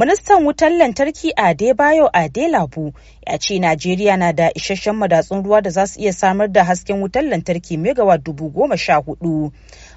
Ministan wutar lantarki Adebayo Adelabu ya ce Najeriya na da isasshen madatsun ruwa da za su iya samar da hasken wutar lantarki megawa dubu goma sha hudu.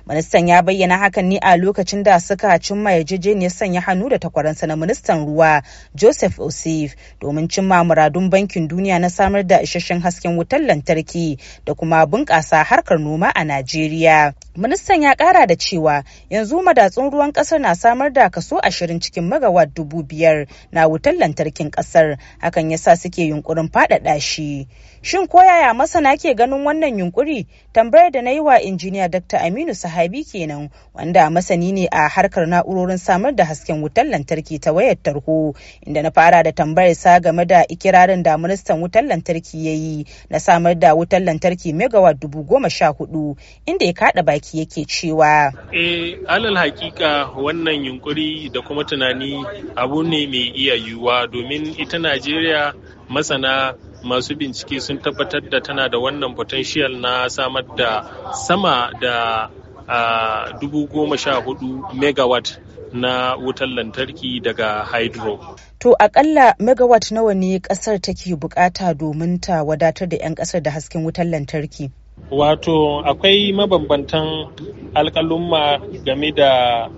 Ministan ya bayyana hakan ne a lokacin da suka cimma yarjejeniyar sanya hannu da takwaransa na ministan ruwa Joseph Osif domin cimma muradun bankin duniya na samar da isasshen hasken wutar lantarki da kuma bunƙasa harkar noma a Najeriya. Ministan ya ƙara da cewa yanzu madatsun ruwan ƙasar na samar da kaso ashirin cikin megawatt dubu biyar na wutar lantarkin ƙasar hakan ya sa suke yunkurin faɗaɗa shi. Shin ko yaya masana ke ganin wannan yunkuri? Tambayar da na yi wa injiniya Dr. Aminu Sahar Sahabi kenan wanda masani ne a harkar na'urorin samar da hasken wutar lantarki ta wayar tarho inda na fara da tambayar sa game da ikirarin da ministan wutar lantarki ya yi na samar da wutar lantarki megawatt dubu goma sha hudu inda ya kada baki yake cewa. Eh alal hakika wannan yunkuri da kuma tunani abu ne mai iya yiwuwa domin ita Najeriya masana masu bincike sun tabbatar da tana da wannan potential na samar da sama da a dubu goma sha hudu megawatt na wutar lantarki daga hydro. To akalla megawatt nawa ne kasar take bukata domin ta wadatar da 'yan kasar da hasken wutar lantarki? Wato akwai mabambantan alkalumma game da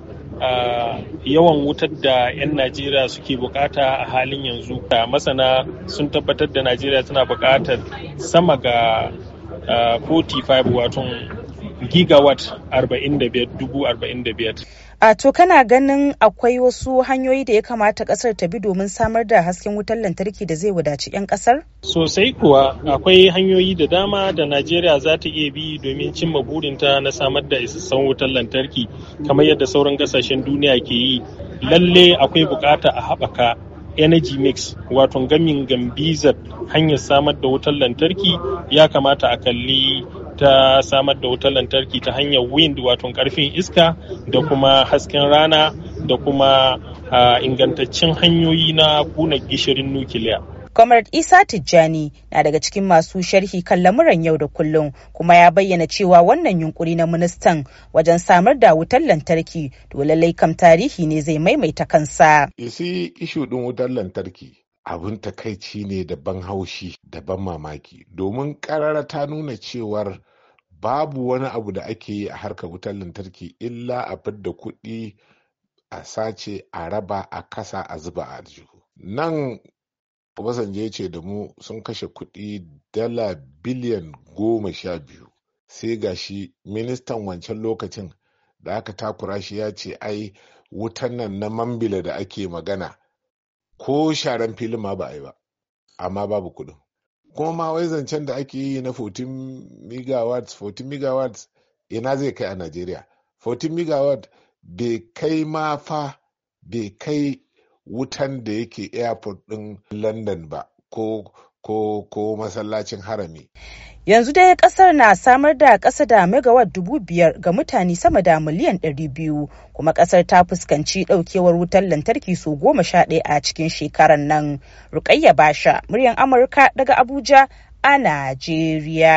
Uh, yawan wutar da 'yan najeriya suke bukata a halin yanzu masana sun tabbatar da najeriya tana bukatar sama ga uh, 45 wato gigawatt 45,000. A to kana ganin akwai wasu hanyoyi da ya kamata kasar ta bi domin samar da hasken wutar lantarki da zai wadaci 'yan kasar? Sosai kuwa akwai hanyoyi da dama da Najeriya za ta iya bi domin cimma burinta na samar da isassan wutar lantarki kamar yadda sauran kasashen duniya ke yi. Lalle akwai bukata a haɓaka energy mix wato gamin gambizar hanyar samar da wutar lantarki ya kamata a kalli ta samar da wutar lantarki ta hanyar wind wato karfin iska da kuma hasken rana da kuma ah, ingantaccen hanyoyi na kuna gishirin nukiliya. Comrade Isa Tijjani na daga cikin masu sharhi kan lamuran yau da kullum kuma ya bayyana cewa wannan yunkuri na ministan wajen samar da wutar lantarki dole laikam tarihi ne zai maimaita kansa. Isi ishu din wutar lantarki abin takaici ne da ban haushi da ban mamaki domin karara ta nuna cewar babu wani abu da ake yi a harka wutar lantarki illa a fidda kuɗi a sace a raba a kasa a zuba a aljihu nan Obasanjo ya ce da mu sun kashe kuɗi dala biliyan goma sha biyu. Sai ga shi ministan wancan lokacin da aka takura shi ya ce ai wutan nan na mambila da ake magana ko sharan filin ma ba a yi ba amma babu kuɗin. Kuma ma wai zancen da ake yi na 14 megawatts 14 megawatts ina zai kai a Najeriya. 14 megawatt bai kai ma fa bai kai wutan da yake airport ɗin london ba ko ko ko masallacin harami yanzu dai kasar na samar da ƙasa da megawatt dubu biyar ga mutane sama da miliyan ɗari biyu kuma ƙasar ta fuskanci ɗaukewar wutar lantarki sau goma sha ɗaya a cikin shekarar nan rukayya basha muryan amurka daga abuja a najeriya